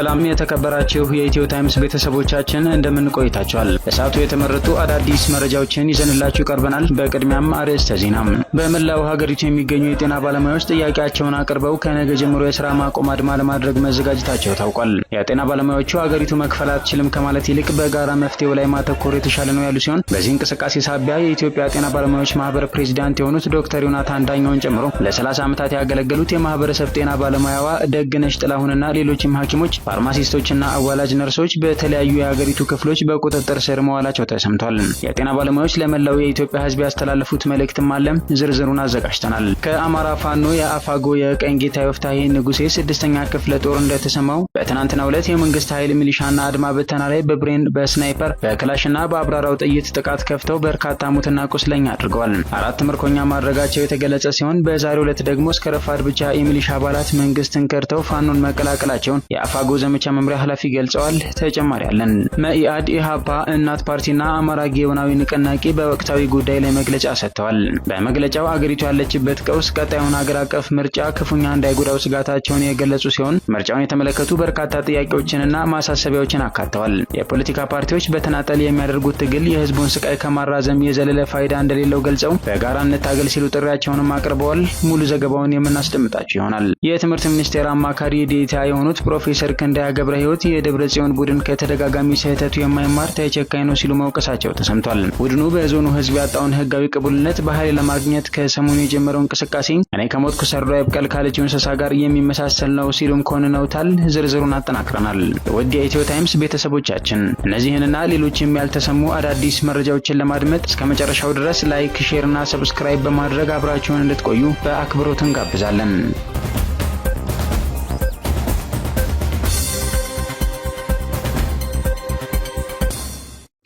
ሰላም የተከበራችሁ የኢትዮ ታይምስ ቤተሰቦቻችን እንደምን ቆይታችኋል? በሰዓቱ የተመረጡ አዳዲስ መረጃዎችን ይዘንላችሁ ቀርበናል። በቅድሚያም አርዕስተ ዜና። በመላው ሀገሪቱ የሚገኙ የጤና ባለሙያዎች ጥያቄያቸውን አቅርበው ከነገ ጀምሮ የስራ ማቆም አድማ ለማድረግ መዘጋጀታቸው ታውቋል። የጤና ባለሙያዎቹ ሀገሪቱ መክፈል አትችልም ከማለት ይልቅ በጋራ መፍትሄው ላይ ማተኮር የተሻለ ነው ያሉ ሲሆን በዚህ እንቅስቃሴ ሳቢያ የኢትዮጵያ ጤና ባለሙያዎች ማህበር ፕሬዚዳንት የሆኑት ዶክተር ዮናታን ዳኛውን ጨምሮ ለ30 ዓመታት ያገለገሉት የማህበረሰብ ጤና ባለሙያዋ ደግነሽ ጥላሁንና ሌሎችም ሐኪሞች ፋርማሲስቶችና አዋላጅ ነርሶች በተለያዩ የሀገሪቱ ክፍሎች በቁጥጥር ስር መዋላቸው ተሰምቷል። የጤና ባለሙያዎች ለመላው የኢትዮጵያ ሕዝብ ያስተላለፉት መልእክትም አለ። ዝርዝሩን አዘጋጅተናል። ከአማራ ፋኖ የአፋጎ የቀኝ ጌታ ወፍታሄ ንጉሴ ስድስተኛ ክፍለ ጦር እንደተሰማው በትናንትናው ዕለት የመንግስት ኃይል ሚሊሻና አድማ በተና ላይ በብሬን በስናይፐር በክላሽና በአብራራው ጥይት ጥቃት ከፍተው በርካታ ሙትና ቁስለኛ አድርገዋል። አራት ምርኮኛ ማድረጋቸው የተገለጸ ሲሆን በዛሬው ዕለት ደግሞ እስከ ረፋድ ብቻ የሚሊሻ አባላት መንግስትን ከድተው ፋኖን መቀላቀላቸውን የአፋጎ ዘመቻ መምሪያ ኃላፊ ገልጸዋል። ተጨማሪ አለን። መኢአድ፣ ኢሃፓ፣ እናት ፓርቲና አማራ ጌውናዊ ንቅናቄ በወቅታዊ ጉዳይ ላይ መግለጫ ሰጥተዋል። በመግለጫው አገሪቱ ያለችበት ቀውስ ቀጣዩን ሀገር አቀፍ ምርጫ ክፉኛ እንዳይጎዳው ስጋታቸውን የገለጹ ሲሆን ምርጫውን የተመለከቱ በርካታ ጥያቄዎችንና ማሳሰቢያዎችን አካተዋል። የፖለቲካ ፓርቲዎች በተናጠል የሚያደርጉት ትግል የህዝቡን ስቃይ ከማራዘም የዘለለ ፋይዳ እንደሌለው ገልጸው በጋራ እንታገል ሲሉ ጥሪያቸውንም አቅርበዋል። ሙሉ ዘገባውን የምናስደምጣቸው ይሆናል። የትምህርት ሚኒስቴር አማካሪ ዴታ የሆኑት ፕሮፌሰር እንደ ገብረ ሕይወት የደብረ ጽዮን ቡድን ከተደጋጋሚ ስህተቱ የማይማር ተቸካይ ነው ሲሉ መውቀሳቸው ተሰምቷል። ቡድኑ በዞኑ ህዝብ ያጣውን ህጋዊ ቅቡልነት በኃይል ለማግኘት ከሰሞኑ የጀመረው እንቅስቃሴ እኔ ከሞትኩ ሰርዶ የብቀል ካለችው እንስሳ ጋር የሚመሳሰል ነው ሲሉም ኮንነውታል። ዝርዝሩን አጠናክረናል። ወዲያ ኢትዮ ታይምስ ቤተሰቦቻችን እነዚህንና ሌሎችም ያልተሰሙ አዳዲስ መረጃዎችን ለማድመጥ እስከ መጨረሻው ድረስ ላይክ፣ ሼርና ሰብስክራይብ በማድረግ አብራችሁን እንድትቆዩ በአክብሮት እንጋብዛለን።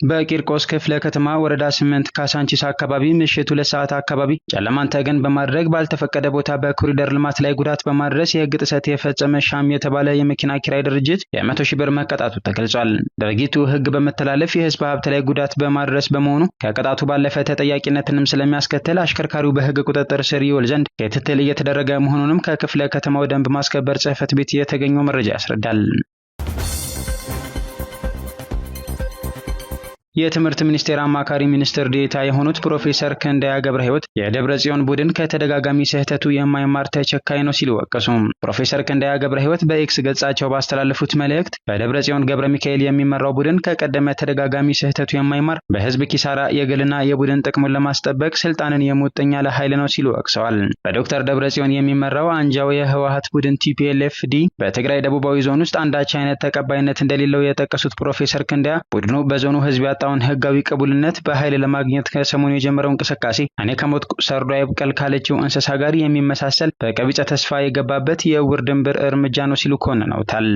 በቂርቆስ ክፍለ ከተማ ወረዳ ስምንት ካሳንቺስ አካባቢ ምሽት ሁለት ሰዓት አካባቢ ጨለማን ተገን በማድረግ ባልተፈቀደ ቦታ በኮሪደር ልማት ላይ ጉዳት በማድረስ የህግ ጥሰት የፈጸመ ሻም የተባለ የመኪና ኪራይ ድርጅት የመቶ ሺህ ብር መቀጣቱ ተገልጿል። ድርጊቱ ሕግ በመተላለፍ የህዝብ ሀብት ላይ ጉዳት በማድረስ በመሆኑ ከቅጣቱ ባለፈ ተጠያቂነትንም ስለሚያስከትል አሽከርካሪው በህግ ቁጥጥር ስር ይውል ዘንድ ክትትል እየተደረገ መሆኑንም ከክፍለ ከተማው ደንብ ማስከበር ጽህፈት ቤት የተገኘው መረጃ ያስረዳል። የትምህርት ሚኒስቴር አማካሪ ሚኒስትር ዴታ የሆኑት ፕሮፌሰር ክንዳያ ገብረ ህይወት የደብረ ጽዮን ቡድን ከተደጋጋሚ ስህተቱ የማይማር ተቸካይ ነው ሲሉ ወቀሱ። ፕሮፌሰር ክንዳያ ገብረ ህይወት በኤክስ ገጻቸው ባስተላለፉት መልእክት በደብረ ጽዮን ገብረ ሚካኤል የሚመራው ቡድን ከቀደመ ተደጋጋሚ ስህተቱ የማይማር በህዝብ ኪሳራ የግልና የቡድን ጥቅሙን ለማስጠበቅ ስልጣንን የሙጥኝ ለኃይል ኃይል ነው ሲሉ ወቅሰዋል። በዶክተር ደብረ ጽዮን የሚመራው አንጃው የህወሀት ቡድን ቲፒኤልኤፍዲ በትግራይ ደቡባዊ ዞን ውስጥ አንዳች አይነት ተቀባይነት እንደሌለው የጠቀሱት ፕሮፌሰር ክንዳያ ቡድኑ በዞኑ ህዝብ ያጣ ያጣውን ህጋዊ ቅቡልነት በኃይል ለማግኘት ከሰሞኑ የጀመረው እንቅስቃሴ እኔ ከሞት ሰርዶ አይብቀል ካለችው እንስሳ ጋር የሚመሳሰል በቀቢጸ ተስፋ የገባበት የዕውር ድንብር እርምጃ ነው ሲሉ ኮንነውታል።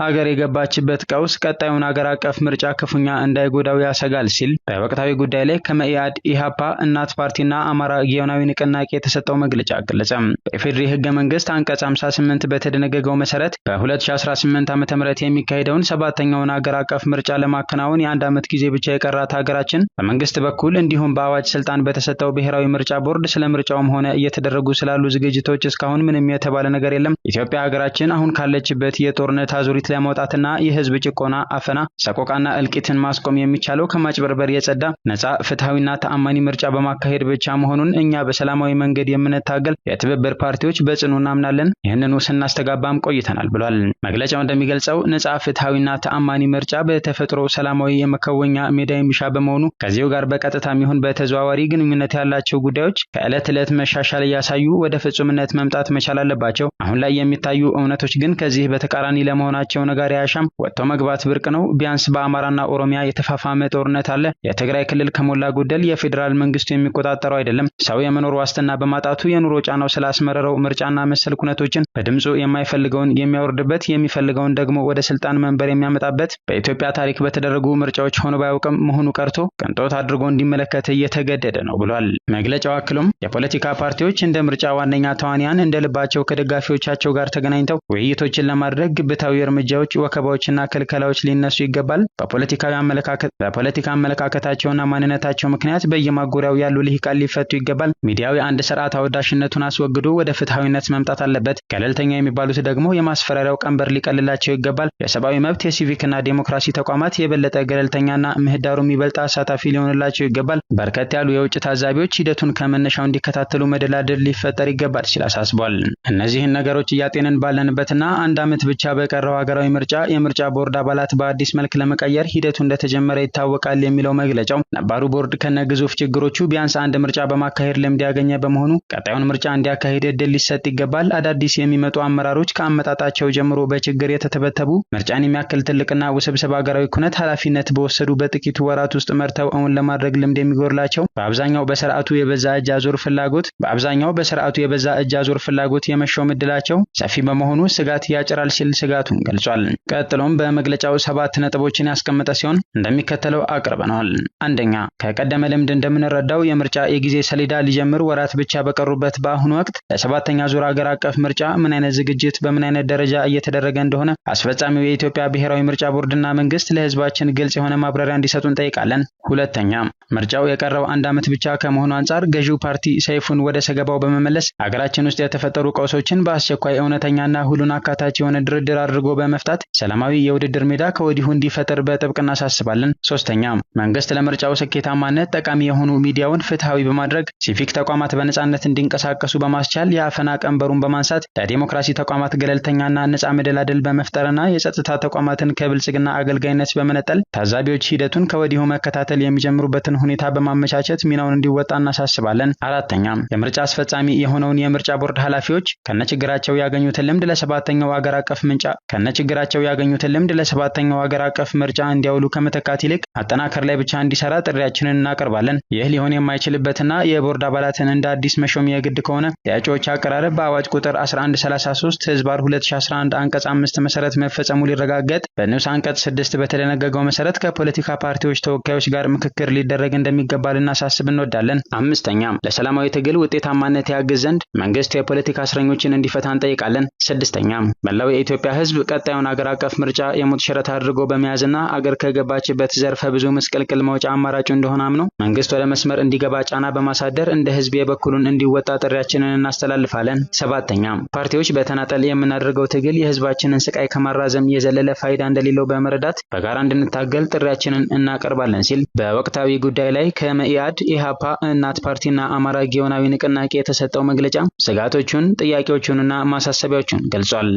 ሀገር የገባችበት ቀውስ ቀጣዩን አገር አቀፍ ምርጫ ክፉኛ እንዳይጎዳው ያሰጋል ሲል በወቅታዊ ጉዳይ ላይ ከመኢአድ፣ ኢሃፓ፣ እናት ፓርቲና አማራ ጊዮናዊ ንቅናቄ የተሰጠው መግለጫ ገለጸም። በኢፌዴሪ ህገ መንግስት አንቀጽ 58 በተደነገገው መሰረት በ2018 ዓ ም የሚካሄደውን ሰባተኛውን አገር አቀፍ ምርጫ ለማከናወን የአንድ ዓመት ጊዜ ብቻ የቀራት ሀገራችን በመንግስት በኩል እንዲሁም በአዋጅ ስልጣን በተሰጠው ብሔራዊ ምርጫ ቦርድ ስለ ምርጫውም ሆነ እየተደረጉ ስላሉ ዝግጅቶች እስካሁን ምንም የተባለ ነገር የለም። ኢትዮጵያ ሀገራችን አሁን ካለችበት የጦርነት አዙሪ ከግጭት ለመውጣትና የህዝብ ጭቆና፣ አፈና፣ ሰቆቃና እልቂትን ማስቆም የሚቻለው ከማጭበርበር የጸዳ ነፃ ፍትሐዊና ተአማኒ ምርጫ በማካሄድ ብቻ መሆኑን እኛ በሰላማዊ መንገድ የምንታገል የትብብር ፓርቲዎች በጽኑ እናምናለን። ይህንኑ ስናስተጋባም ቆይተናል ብሏል። መግለጫው እንደሚገልጸው ነፃ ፍትሐዊና ተአማኒ ምርጫ በተፈጥሮ ሰላማዊ የመከወኛ ሜዳ የሚሻ በመሆኑ ከዚሁ ጋር በቀጥታ የሚሆን በተዘዋዋሪ ግንኙነት ያላቸው ጉዳዮች ከዕለት ዕለት መሻሻል እያሳዩ ወደ ፍጹምነት መምጣት መቻል አለባቸው። አሁን ላይ የሚታዩ እውነቶች ግን ከዚህ በተቃራኒ ለመሆናቸው ያላቸው ጋር ያሻም ወጥቶ መግባት ብርቅ ነው። ቢያንስ በአማራና ኦሮሚያ የተፋፋመ ጦርነት አለ። የትግራይ ክልል ከሞላ ጎደል የፌዴራል መንግስቱ የሚቆጣጠረው አይደለም። ሰው የመኖር ዋስትና በማጣቱ የኑሮ ጫናው ስላስመረረው ምርጫና መሰል ኩነቶችን በድምፁ የማይፈልገውን የሚያወርድበት የሚፈልገውን ደግሞ ወደ ስልጣን መንበር የሚያመጣበት በኢትዮጵያ ታሪክ በተደረጉ ምርጫዎች ሆኖ ባያውቅም መሆኑ ቀርቶ ቅንጦት አድርጎ እንዲመለከት እየተገደደ ነው ብሏል። መግለጫው አክሎም የፖለቲካ ፓርቲዎች እንደ ምርጫ ዋነኛ ተዋንያን እንደ ልባቸው ከደጋፊዎቻቸው ጋር ተገናኝተው ውይይቶችን ለማድረግ ግብታዊ እርምጃ እርምጃዎች፣ ወከባዎችና ክልከላዎች ሊነሱ ይገባል። በፖለቲካዊ አመለካከት በፖለቲካ አመለካከታቸውና ማንነታቸው ምክንያት በየማጎሪያው ያሉ ልሂቃን ሊፈቱ ይገባል። ሚዲያው የአንድ ስርዓት አወዳሽነቱን አስወግዶ ወደ ፍትሐዊነት መምጣት አለበት። ገለልተኛ የሚባሉት ደግሞ የማስፈራሪያው ቀንበር ሊቀልላቸው ይገባል። የሰብአዊ መብት የሲቪክና ዴሞክራሲ ተቋማት የበለጠ ገለልተኛና ምህዳሩ የሚበልጥ አሳታፊ ሊሆንላቸው ይገባል። በርከት ያሉ የውጭ ታዛቢዎች ሂደቱን ከመነሻው እንዲከታተሉ መደላደል ሊፈጠር ይገባል ሲል አሳስቧል። እነዚህን ነገሮች እያጤንን ባለንበትና አንድ ዓመት ብቻ በቀረው ሀገራዊ ምርጫ የምርጫ ቦርድ አባላት በአዲስ መልክ ለመቀየር ሂደቱ እንደተጀመረ ይታወቃል የሚለው መግለጫው ነባሩ ቦርድ ከነ ግዙፍ ችግሮቹ ቢያንስ አንድ ምርጫ በማካሄድ ልምድ ያገኘ በመሆኑ ቀጣዩን ምርጫ እንዲያካሄድ እድል ሊሰጥ ይገባል። አዳዲስ የሚመጡ አመራሮች ከአመጣጣቸው ጀምሮ በችግር የተተበተቡ ምርጫን የሚያክል ትልቅና ውስብስብ ሀገራዊ ኩነት ኃላፊነት በወሰዱ በጥቂቱ ወራት ውስጥ መርተው እውን ለማድረግ ልምድ የሚጎርላቸው በአብዛኛው በስርዓቱ የበዛ እጅ አዙር ፍላጎት በአብዛኛው በስርዓቱ የበዛ እጅ አዙር ፍላጎት የመሾም እድላቸው ሰፊ በመሆኑ ስጋት ያጭራል ሲል ስጋቱን ገልጿል። ገልጿል። ቀጥሎም በመግለጫው ሰባት ነጥቦችን ያስቀመጠ ሲሆን እንደሚከተለው አቅርበነዋል። አንደኛ፣ ከቀደመ ልምድ እንደምንረዳው የምርጫ የጊዜ ሰሌዳ ሊጀምር ወራት ብቻ በቀሩበት በአሁኑ ወቅት ለሰባተኛ ዙር ሀገር አቀፍ ምርጫ ምን አይነት ዝግጅት በምን አይነት ደረጃ እየተደረገ እንደሆነ አስፈጻሚው የኢትዮጵያ ብሔራዊ ምርጫ ቦርድና መንግስት ለህዝባችን ግልጽ የሆነ ማብራሪያ እንዲሰጡ እንጠይቃለን። ሁለተኛ፣ ምርጫው የቀረው አንድ ዓመት ብቻ ከመሆኑ አንጻር ገዢው ፓርቲ ሰይፉን ወደ ሰገባው በመመለስ ሀገራችን ውስጥ የተፈጠሩ ቀውሶችን በአስቸኳይ እውነተኛና ሁሉን አካታች የሆነ ድርድር አድርጎ በመ ለመፍታት ሰላማዊ የውድድር ሜዳ ከወዲሁ እንዲፈጠር በጥብቅ እናሳስባለን። ሶስተኛ መንግስት ለምርጫው ስኬታማነት ጠቃሚ የሆኑ ሚዲያውን ፍትሐዊ በማድረግ ሲቪክ ተቋማት በነጻነት እንዲንቀሳቀሱ በማስቻል የአፈና ቀንበሩን በማንሳት ለዲሞክራሲ ተቋማት ገለልተኛና ነጻ መደላደል በመፍጠርና የጸጥታ ተቋማትን ከብልጽግና አገልጋይነት በመነጠል ታዛቢዎች ሂደቱን ከወዲሁ መከታተል የሚጀምሩበትን ሁኔታ በማመቻቸት ሚናውን እንዲወጣ እናሳስባለን። አራተኛ የምርጫ አስፈጻሚ የሆነውን የምርጫ ቦርድ ኃላፊዎች ከነችግራቸው ያገኙትን ልምድ ለሰባተኛው አገር አቀፍ ምርጫ ከነች ችግራቸው ያገኙትን ልምድ ለሰባተኛው ሀገር አቀፍ ምርጫ እንዲያውሉ ከመተካት ይልቅ አጠናከር ላይ ብቻ እንዲሰራ ጥሪያችንን እናቀርባለን። ይህ ሊሆን የማይችልበትና የቦርድ አባላትን እንደ አዲስ መሾም የግድ ከሆነ የእጩዎች አቀራረብ በአዋጅ ቁጥር 1133 ህዝባር 2011 አንቀጽ 5 መሰረት መፈጸሙ ሊረጋገጥ በንዑስ አንቀጽ 6 በተደነገገው መሰረት ከፖለቲካ ፓርቲዎች ተወካዮች ጋር ምክክር ሊደረግ እንደሚገባ ልናሳስብ እንወዳለን። አምስተኛም ለሰላማዊ ትግል ውጤታማነት ያግዝ ዘንድ መንግስት የፖለቲካ እስረኞችን እንዲፈታ እንጠይቃለን። ስድስተኛም መላው የኢትዮጵያ ህዝብ ቀጣይ ቀጣዩን አገር አቀፍ ምርጫ የሞት ሽረት አድርጎ በመያዝና አገር ከገባችበት ዘርፈ ብዙ ምስቅልቅል መውጫ አማራጩ እንደሆነ አምነው መንግስት ወደ መስመር እንዲገባ ጫና በማሳደር እንደ ህዝብ የበኩሉን እንዲወጣ ጥሪያችንን እናስተላልፋለን። ሰባተኛ ፓርቲዎች በተናጠል የምናደርገው ትግል የህዝባችንን ስቃይ ከማራዘም የዘለለ ፋይዳ እንደሌለው በመረዳት በጋራ እንድንታገል ጥሪያችንን እናቀርባለን ሲል በወቅታዊ ጉዳይ ላይ ከመኢአድ፣ ኢሃፓ፣ እናት ፓርቲና አማራ ጊዮናዊ ንቅናቄ የተሰጠው መግለጫ ስጋቶቹን ጥያቄዎቹንና ማሳሰቢያዎቹን ገልጿል።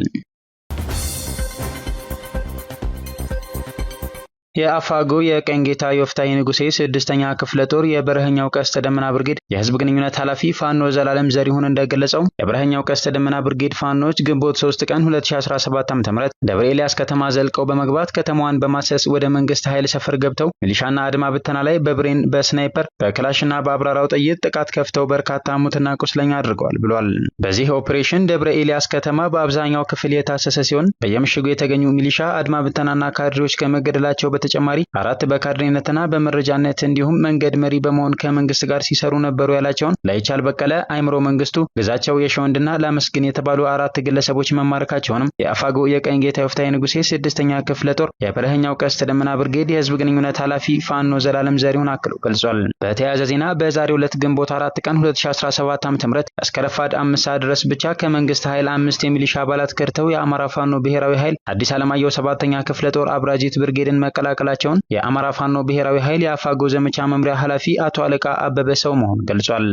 የአፋጎ የቀኝ ጌታ ዮፍታሔ ንጉሴ ስድስተኛ ክፍለ ጦር የበረሀኛው ቀስተ ደመና ብርጌድ የህዝብ ግንኙነት ኃላፊ ፋኖ ዘላለም ዘሪሁን እንደገለጸው የበረሀኛው ቀስተ ደመና ብርጌድ ፋኖች ግንቦት 3 ቀን 2017 .ም ደብረ ኤልያስ ከተማ ዘልቀው በመግባት ከተማዋን በማሰስ ወደ መንግስት ኃይል ሰፈር ገብተው ሚሊሻና አድማ ብተና ላይ በብሬን በስናይፐር በክላሽና በአብራራው ጥይት ጥቃት ከፍተው በርካታ ሙትና ቁስለኛ አድርገዋል ብሏል። በዚህ ኦፕሬሽን ደብረ ኤልያስ ከተማ በአብዛኛው ክፍል የታሰሰ ሲሆን በየምሽጉ የተገኙ ሚሊሻ አድማ ብተናና ካድሬዎች ከመገደላቸው በተ በተጨማሪ አራት በካድሬነትና በመረጃነት እንዲሁም መንገድ መሪ በመሆን ከመንግስት ጋር ሲሰሩ ነበሩ ያላቸውን ላይቻል በቀለ፣ አይምሮ መንግስቱ፣ ግዛቸው የሸወንድና ላመስግን የተባሉ አራት ግለሰቦች መማረካቸውንም የአፋጎ የቀኝ ጌታ የወፍታዊ ንጉሴ ስድስተኛ ክፍለ ጦር የበረህኛው ቀስት ደመና ብርጌድ የህዝብ ግንኙነት ኃላፊ ፋኖ ዘላለም ዘሪሁን አክለው ገልጿል። በተያያዘ ዜና በዛሬ ሁለት ግንቦት አራት ቀን 2017 ዓ.ም እስከ ረፋድ አምስት ሰዓት ድረስ ብቻ ከመንግስት ኃይል አምስት የሚሊሻ አባላት ከድተው የአማራ ፋኖ ብሔራዊ ኃይል አዲስ ዓለማየሁ ሰባተኛ ክፍለ ጦር አብራጂት ብርጌድን መቀላቀል መቀላቀላቸውን የአማራ ፋኖ ብሔራዊ ኃይል የአፋጎ ዘመቻ መምሪያ ኃላፊ አቶ አለቃ አበበ ሰው መሆን ገልጿል።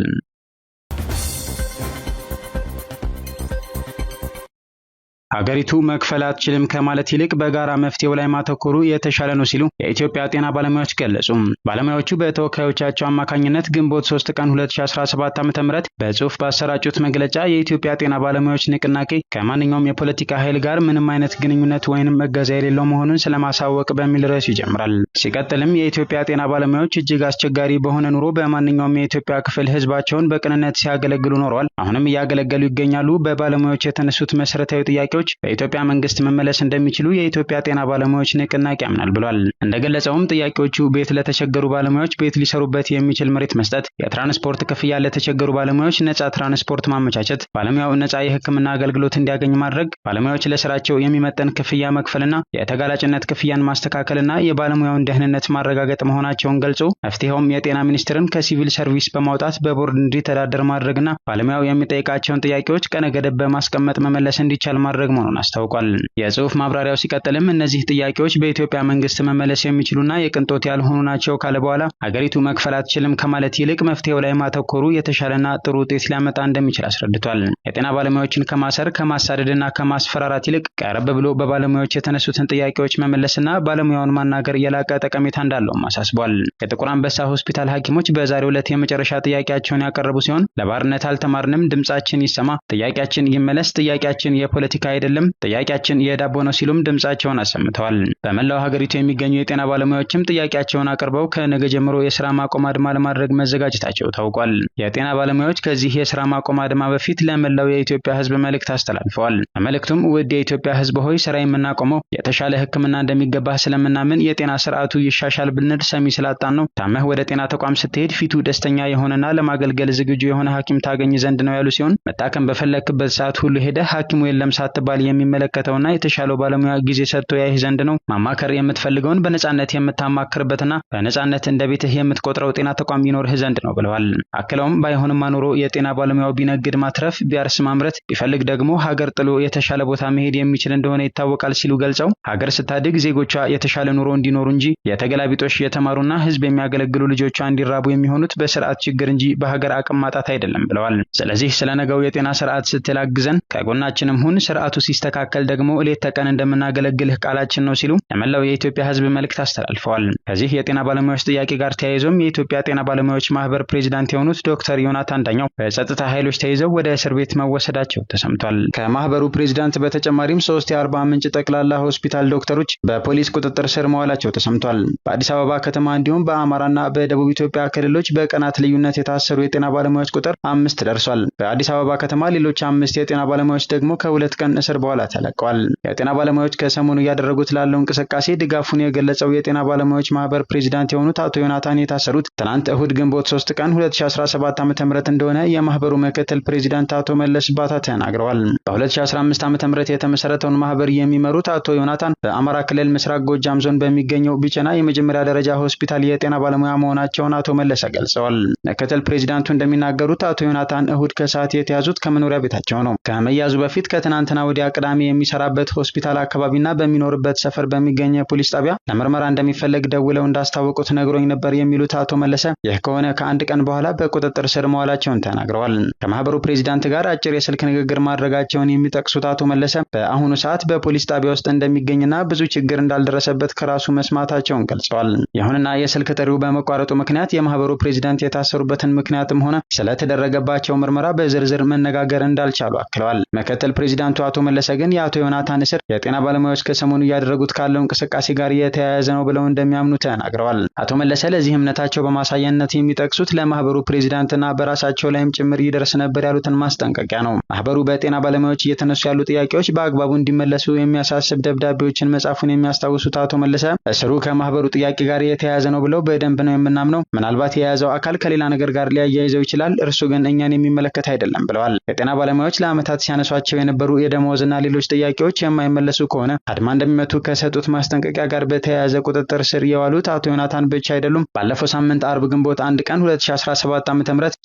ሀገሪቱ መክፈል አትችልም ከማለት ይልቅ በጋራ መፍትሄው ላይ ማተኮሩ የተሻለ ነው ሲሉ የኢትዮጵያ ጤና ባለሙያዎች ገለጹ። ባለሙያዎቹ በተወካዮቻቸው አማካኝነት ግንቦት 3 ቀን 2017 ዓ ም በጽሁፍ ባሰራጩት መግለጫ የኢትዮጵያ ጤና ባለሙያዎች ንቅናቄ ከማንኛውም የፖለቲካ ኃይል ጋር ምንም አይነት ግንኙነት ወይንም መገዛ የሌለው መሆኑን ስለማሳወቅ በሚል ርዕስ ይጀምራል። ሲቀጥልም የኢትዮጵያ ጤና ባለሙያዎች እጅግ አስቸጋሪ በሆነ ኑሮ በማንኛውም የኢትዮጵያ ክፍል ህዝባቸውን በቅንነት ሲያገለግሉ ኖረዋል። አሁንም እያገለገሉ ይገኛሉ። በባለሙያዎች የተነሱት መሰረታዊ ጥያቄዎች ተማሪዎች በኢትዮጵያ መንግስት መመለስ እንደሚችሉ የኢትዮጵያ ጤና ባለሙያዎች ንቅናቄ ያምናል ብሏል። እንደገለጸውም ጥያቄዎቹ ቤት ለተቸገሩ ባለሙያዎች ቤት ሊሰሩበት የሚችል መሬት መስጠት፣ የትራንስፖርት ክፍያ ለተቸገሩ ባለሙያዎች ነጻ ትራንስፖርት ማመቻቸት፣ ባለሙያው ነጻ የህክምና አገልግሎት እንዲያገኝ ማድረግ፣ ባለሙያዎች ለስራቸው የሚመጠን ክፍያ መክፈልና የተጋላጭነት ክፍያን ማስተካከልና የባለሙያውን ደህንነት ማረጋገጥ መሆናቸውን ገልጾ መፍትሄውም የጤና ሚኒስቴርን ከሲቪል ሰርቪስ በማውጣት በቦርድ እንዲተዳደር ማድረግና ባለሙያው የሚጠይቃቸውን ጥያቄዎች ቀነ ገደብ በማስቀመጥ መመለስ እንዲቻል ማድረግ መሆኑን አስታውቋል። የጽሁፍ ማብራሪያው ሲቀጥልም እነዚህ ጥያቄዎች በኢትዮጵያ መንግስት መመለስ የሚችሉና የቅንጦት ያልሆኑ ናቸው ካለ በኋላ ሀገሪቱ መክፈል አትችልም ከማለት ይልቅ መፍትሄው ላይ ማተኮሩ የተሻለና ጥሩ ውጤት ሊያመጣ እንደሚችል አስረድቷል። የጤና ባለሙያዎችን ከማሰር ከማሳደድና ከማስፈራራት ይልቅ ቀረብ ብሎ በባለሙያዎች የተነሱትን ጥያቄዎች መመለስና ባለሙያውን ማናገር የላቀ ጠቀሜታ እንዳለውም አሳስቧል። የጥቁር አንበሳ ሆስፒታል ሐኪሞች በዛሬው ዕለት የመጨረሻ ጥያቄያቸውን ያቀረቡ ሲሆን ለባርነት አልተማርንም፣ ድምጻችን ይሰማ፣ ጥያቄያችን ይመለስ፣ ጥያቄያችን የፖለቲካ አይደለም፣ ጥያቄያችን የዳቦ ነው ሲሉም ድምጻቸውን አሰምተዋል። በመላው ሀገሪቱ የሚገኙ የጤና ባለሙያዎችም ጥያቄያቸውን አቅርበው ከነገ ጀምሮ የስራ ማቆም አድማ ለማድረግ መዘጋጀታቸው ታውቋል። የጤና ባለሙያዎች ከዚህ የስራ ማቆም አድማ በፊት ለመላው የኢትዮጵያ ህዝብ መልእክት አስተላልፈዋል። በመልእክቱም ውድ የኢትዮጵያ ህዝብ ሆይ ስራ የምናቆመው የተሻለ ህክምና እንደሚገባ ስለምናምን የጤና ስርዓቱ ይሻሻል ብንል ሰሚ ስላጣን ነው። ታመህ ወደ ጤና ተቋም ስትሄድ ፊቱ ደስተኛ የሆነና ለማገልገል ዝግጁ የሆነ ሐኪም ታገኝ ዘንድ ነው ያሉ ሲሆን መታከም በፈለክበት ሰዓት ሁሉ ሄደ ሐኪሙ የለም ሳት ይገባል የሚመለከተውና የተሻለው ባለሙያ ጊዜ ሰጥቶ ያይህ ዘንድ ነው። ማማከር የምትፈልገውን በነጻነት የምታማክርበትና በነጻነት እንደ ቤትህ የምትቆጥረው ጤና ተቋም ይኖርህ ዘንድ ነው ብለዋል። አክለውም ባይሆንም ማኖሮ የጤና ባለሙያው ቢነግድ ማትረፍ፣ ቢያርስ ማምረት፣ ቢፈልግ ደግሞ ሀገር ጥሎ የተሻለ ቦታ መሄድ የሚችል እንደሆነ ይታወቃል ሲሉ ገልጸው ሀገር ስታድግ ዜጎቿ የተሻለ ኑሮ እንዲኖሩ እንጂ የተገላቢጦሽ የተማሩና ህዝብ የሚያገለግሉ ልጆቿ እንዲራቡ የሚሆኑት በስርዓት ችግር እንጂ በሀገር አቅም ማጣት አይደለም ብለዋል። ስለዚህ ስለነገው የጤና ስርዓት ስትላግዘን ከጎናችንም ሁን ስርዓቱ ስርዓቱ ሲስተካከል ደግሞ እሌት ተቀን እንደምናገለግልህ ቃላችን ነው ሲሉ ለመላው የኢትዮጵያ ህዝብ መልእክት አስተላልፈዋል። ከዚህ የጤና ባለሙያዎች ጥያቄ ጋር ተያይዞም የኢትዮጵያ ጤና ባለሙያዎች ማህበር ፕሬዚዳንት የሆኑት ዶክተር ዮናታን ዳኛው በጸጥታ ኃይሎች ተይዘው ወደ እስር ቤት መወሰዳቸው ተሰምቷል። ከማህበሩ ፕሬዚዳንት በተጨማሪም ሶስት የአርባ ምንጭ ጠቅላላ ሆስፒታል ዶክተሮች በፖሊስ ቁጥጥር ስር መዋላቸው ተሰምቷል። በአዲስ አበባ ከተማ እንዲሁም በአማራና በደቡብ ኢትዮጵያ ክልሎች በቀናት ልዩነት የታሰሩ የጤና ባለሙያዎች ቁጥር አምስት ደርሷል። በአዲስ አበባ ከተማ ሌሎች አምስት የጤና ባለሙያዎች ደግሞ ከሁለት ቀን ከእስር በኋላ ተለቀዋል። የጤና ባለሙያዎች ከሰሞኑ እያደረጉት ላለው እንቅስቃሴ ድጋፉን የገለጸው የጤና ባለሙያዎች ማህበር ፕሬዚዳንት የሆኑት አቶ ዮናታን የታሰሩት ትናንት እሁድ ግንቦት 3 ቀን 2017 ዓ ም እንደሆነ የማህበሩ ምክትል ፕሬዚዳንት አቶ መለስ ባታ ተናግረዋል። በ2015 ዓ ም የተመሰረተውን ማህበር የሚመሩት አቶ ዮናታን በአማራ ክልል ምስራቅ ጎጃም ዞን በሚገኘው ቢቸና የመጀመሪያ ደረጃ ሆስፒታል የጤና ባለሙያ መሆናቸውን አቶ መለሰ ገልጸዋል። ምክትል ፕሬዚዳንቱ እንደሚናገሩት አቶ ዮናታን እሁድ ከሰዓት የተያዙት ከመኖሪያ ቤታቸው ነው። ከመያዙ በፊት ከትናንትና ወዲያ ቅዳሜ የሚሰራበት ሆስፒታል አካባቢና በሚኖርበት ሰፈር በሚገኘ ፖሊስ ጣቢያ ለምርመራ እንደሚፈለግ ደውለው እንዳስታወቁት ነግሮኝ ነበር የሚሉት አቶ መለሰ ይህ ከሆነ ከአንድ ቀን በኋላ በቁጥጥር ስር መዋላቸውን ተናግረዋል። ከማህበሩ ፕሬዚዳንት ጋር አጭር የስልክ ንግግር ማድረጋቸውን የሚጠቅሱት አቶ መለሰ በአሁኑ ሰዓት በፖሊስ ጣቢያ ውስጥ እንደሚገኝና ብዙ ችግር እንዳልደረሰበት ከራሱ መስማታቸውን ገልጸዋል። ይሁንና የስልክ ጥሪው በመቋረጡ ምክንያት የማህበሩ ፕሬዚዳንት የታሰሩበትን ምክንያትም ሆነ ስለተደረገባቸው ምርመራ በዝርዝር መነጋገር እንዳልቻሉ አክለዋል። ምክትል ፕሬዚዳንቱ አቶ መለሰ ግን የአቶ ዮናታን እስር የጤና ባለሙያዎች ከሰሞኑ እያደረጉት ካለው እንቅስቃሴ ጋር የተያያዘ ነው ብለው እንደሚያምኑ ተናግረዋል። አቶ መለሰ ለዚህ እምነታቸው በማሳያነት የሚጠቅሱት ለማህበሩ ፕሬዚዳንትና በራሳቸው ላይም ጭምር ይደርስ ነበር ያሉትን ማስጠንቀቂያ ነው። ማህበሩ በጤና ባለሙያዎች እየተነሱ ያሉ ጥያቄዎች በአግባቡ እንዲመለሱ የሚያሳስብ ደብዳቤዎችን መጻፉን የሚያስታውሱት አቶ መለሰ እስሩ ከማህበሩ ጥያቄ ጋር የተያያዘ ነው ብለው በደንብ ነው የምናምነው። ምናልባት የያዘው አካል ከሌላ ነገር ጋር ሊያያይዘው ይችላል። እርሱ ግን እኛን የሚመለከት አይደለም ብለዋል። የጤና ባለሙያዎች ለዓመታት ሲያነሷቸው የነበሩ የደሞ እና ሌሎች ጥያቄዎች የማይመለሱ ከሆነ አድማ እንደሚመቱ ከሰጡት ማስጠንቀቂያ ጋር በተያያዘ ቁጥጥር ስር የዋሉት አቶ ዮናታን ብቻ አይደሉም። ባለፈው ሳምንት አርብ ግንቦት አንድ ቀን 2017 ዓ.ም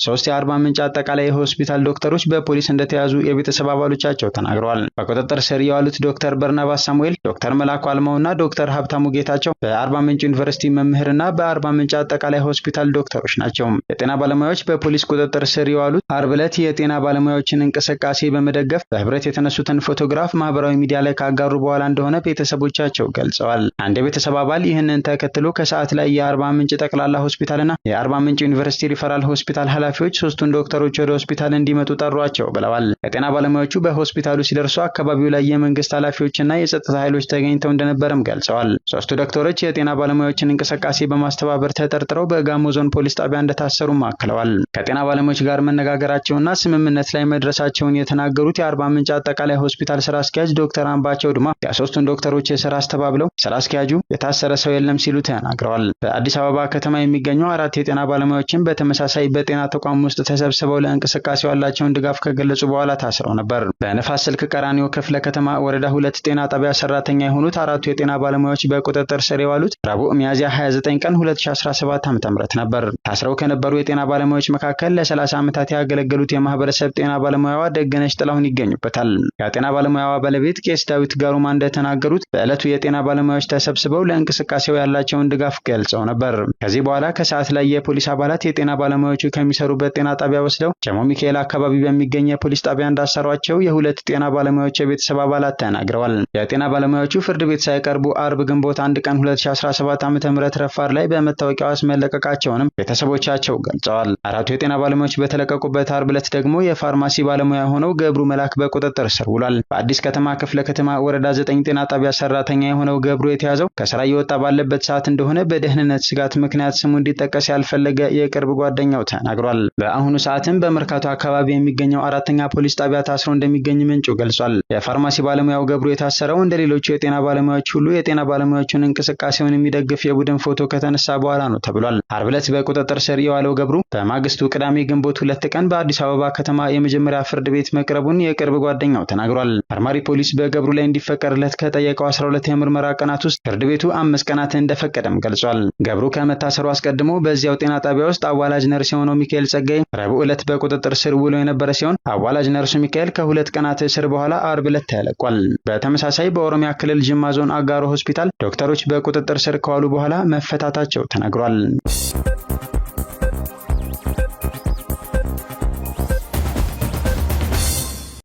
ሶስት የአርባ ምንጭ አጠቃላይ የሆስፒታል ዶክተሮች በፖሊስ እንደተያዙ የቤተሰብ አባሎቻቸው ተናግረዋል። በቁጥጥር ስር የዋሉት ዶክተር በርናባስ ሳሙኤል፣ ዶክተር መላኩ አልማውና ዶክተር ሀብታሙ ጌታቸው በአርባ ምንጭ ዩኒቨርሲቲ መምህርና በአርባ ምንጭ አጠቃላይ ሆስፒታል ዶክተሮች ናቸው። የጤና ባለሙያዎች በፖሊስ ቁጥጥር ስር የዋሉት አርብ ዕለት የጤና ባለሙያዎችን እንቅስቃሴ በመደገፍ በህብረት የተነሱትን ያንን ፎቶግራፍ ማህበራዊ ሚዲያ ላይ ካጋሩ በኋላ እንደሆነ ቤተሰቦቻቸው ገልጸዋል። አንድ የቤተሰብ አባል ይህንን ተከትሎ ከሰዓት ላይ የአርባ ምንጭ ጠቅላላ ሆስፒታልና የአርባ ምንጭ ዩኒቨርሲቲ ሪፈራል ሆስፒታል ኃላፊዎች ሶስቱን ዶክተሮች ወደ ሆስፒታል እንዲመጡ ጠሯቸው ብለዋል። የጤና ባለሙያዎቹ በሆስፒታሉ ሲደርሱ አካባቢው ላይ የመንግስት ኃላፊዎችና የጸጥታ ኃይሎች ተገኝተው እንደነበረም ገልጸዋል። ሶስቱ ዶክተሮች የጤና ባለሙያዎችን እንቅስቃሴ በማስተባበር ተጠርጥረው በጋሞ ዞን ፖሊስ ጣቢያ እንደታሰሩም አክለዋል። ከጤና ባለሙያዎች ጋር መነጋገራቸውና ስምምነት ላይ መድረሳቸውን የተናገሩት የአርባ ምንጭ አጠቃላይ ሆስፒታል ስራ አስኪያጅ ዶክተር አምባቸው ድማ የሶስቱን ዶክተሮች የስራ አስተባብለው ስራ አስኪያጁ የታሰረ ሰው የለም ሲሉ ተናግረዋል። በአዲስ አበባ ከተማ የሚገኙ አራት የጤና ባለሙያዎችን በተመሳሳይ በጤና ተቋም ውስጥ ተሰብስበው ለእንቅስቃሴው ያላቸውን ድጋፍ ከገለጹ በኋላ ታስረው ነበር። በነፋስ ስልክ ቀራኒዮ ክፍለ ከተማ ወረዳ ሁለት ጤና ጣቢያ ሰራተኛ የሆኑት አራቱ የጤና ባለሙያዎች በቁጥጥር ስር የዋሉት ረቡዕ ሚያዝያ 29 ቀን 2017 ዓ ም ነበር። ታስረው ከነበሩ የጤና ባለሙያዎች መካከል ለ30 ዓመታት ያገለገሉት የማህበረሰብ ጤና ባለሙያዋ ደገነች ጥላሁን ይገኙበታል። ከጤና ባለሙያዋ ባለቤት ቄስ ዳዊት ጋሩማ እንደተናገሩት በዕለቱ የጤና ባለሙያዎች ተሰብስበው ለእንቅስቃሴው ያላቸውን ድጋፍ ገልጸው ነበር። ከዚህ በኋላ ከሰዓት ላይ የፖሊስ አባላት የጤና ባለሙያዎቹ ከሚሰሩበት ጤና ጣቢያ ወስደው ጀሞ ሚካኤል አካባቢ በሚገኝ የፖሊስ ጣቢያ እንዳሰሯቸው የሁለት ጤና ባለሙያዎች የቤተሰብ አባላት ተናግረዋል። የጤና ባለሙያዎቹ ፍርድ ቤት ሳይቀርቡ አርብ ግንቦት አንድ ቀን 2017 ዓ ም ረፋር ላይ በመታወቂያ ዋስ መለቀቃቸውንም ቤተሰቦቻቸው ገልጸዋል። አራቱ የጤና ባለሙያዎች በተለቀቁበት አርብ ዕለት ደግሞ የፋርማሲ ባለሙያ የሆነው ገብሩ መላክ በቁጥጥር ስር ውሏል። በአዲስ ከተማ ክፍለ ከተማ ወረዳ ዘጠኝ ጤና ጣቢያ ሰራተኛ የሆነው ገብሩ የተያዘው ከስራ እየወጣ ባለበት ሰዓት እንደሆነ በደህንነት ስጋት ምክንያት ስሙ እንዲጠቀስ ያልፈለገ የቅርብ ጓደኛው ተናግሯል። በአሁኑ ሰዓትም በመርካቶ አካባቢ የሚገኘው አራተኛ ፖሊስ ጣቢያ ታስሮ እንደሚገኝ ምንጩ ገልጿል። የፋርማሲ ባለሙያው ገብሩ የታሰረው እንደ ሌሎቹ የጤና ባለሙያዎች ሁሉ የጤና ባለሙያዎቹን እንቅስቃሴውን የሚደግፍ የቡድን ፎቶ ከተነሳ በኋላ ነው ተብሏል። አርብ ዕለት በቁጥጥር ስር የዋለው ገብሩ በማግስቱ ቅዳሜ ግንቦት ሁለት ቀን በአዲስ አበባ ከተማ የመጀመሪያ ፍርድ ቤት መቅረቡን የቅርብ ጓደኛው ተናግሯል። ተናግሯል። መርማሪ ፖሊስ በገብሩ ላይ እንዲፈቀድለት ከጠየቀው 12 የምርመራ ቀናት ውስጥ ፍርድ ቤቱ አምስት ቀናት እንደፈቀደም ገልጿል። ገብሩ ከመታሰሩ አስቀድሞ በዚያው ጤና ጣቢያ ውስጥ አዋላጅ ነርስ የሆነው ሚካኤል ጸጋይ ረቡዕ ዕለት በቁጥጥር ስር ውሎ የነበረ ሲሆን አዋላጅ ነርሱ ሚካኤል ከሁለት ቀናት እስር በኋላ አርብ ዕለት ተለቋል። በተመሳሳይ በኦሮሚያ ክልል ጅማ ዞን አጋሮ ሆስፒታል ዶክተሮች በቁጥጥር ስር ከዋሉ በኋላ መፈታታቸው ተናግሯል።